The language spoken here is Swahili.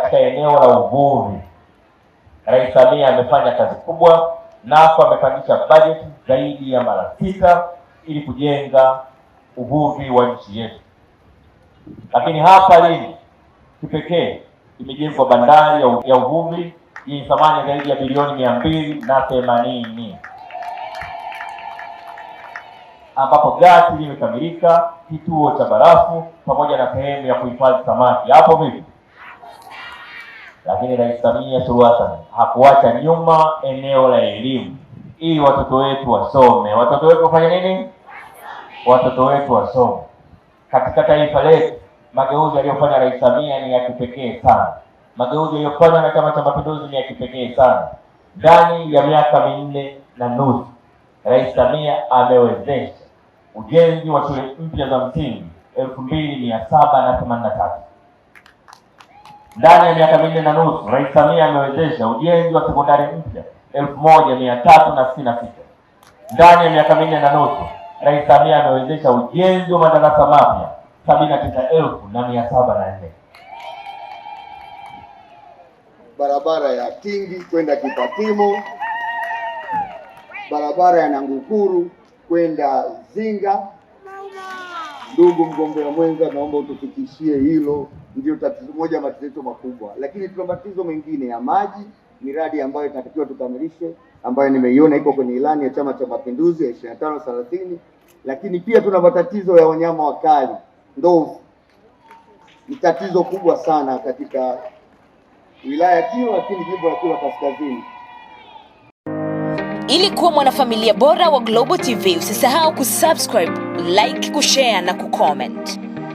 katika eneo la uvuvi. Rais Samia amefanya kazi kubwa, nafu amepandisha bajeti zaidi ya mara sita ili kujenga uvuvi wa nchi yetu. Lakini hapa lini kipekee imejengwa bandari ya uvuvi yenye thamani zaidi ya bilioni mia mbili na themanini ambapo gati limekamilika, kituo cha barafu pamoja na sehemu ya kuhifadhi samaki. Hapo vipi? Lakini Rais Samia Suluhu Hassan hakuacha nyuma eneo la elimu, ili watoto wetu wasome. Watoto wetu wafanye nini? Watoto wetu wasome. Katika taifa letu, mageuzi aliyofanya Rais Samia ni ya kipekee sana. Mageuzi aliyofanya na Chama cha Mapinduzi ni ya kipekee sana. Ndani ya miaka minne na nusu, Rais Samia amewezesha ujenzi wa shule mpya za msingi elfu mbili mia saba na themanini na tatu ndani ya miaka minne na nusu Rais Samia amewezesha ujenzi wa sekondari mpya elfu moja mia tatu na sitini na sita. Ndani ya miaka minne na nusu Rais Samia amewezesha ujenzi wa madarasa mapya sabini na tisa elfu na mia saba na nne. Barabara ya Tingi kwenda Kipatimo, barabara ya Nangukuru kwenda Zinga. Ndugu mgombea mwenza, naomba utufikishie hilo ndio tatizo moja matatizo makubwa, lakini tuna matatizo mengine ya maji, miradi ambayo tunatakiwa tukamilishe, ambayo nimeiona iko kwenye ilani ya Chama cha Mapinduzi ya ishirini na tano thelathini, lakini pia tuna matatizo ya wanyama wakali, ndovu ni tatizo kubwa sana katika wilaya Kilwa, lakini jimbo la Kilwa Kaskazini. Ili kuwa mwanafamilia bora wa Global TV, usisahau kusubscribe, like, kushare na kucomment.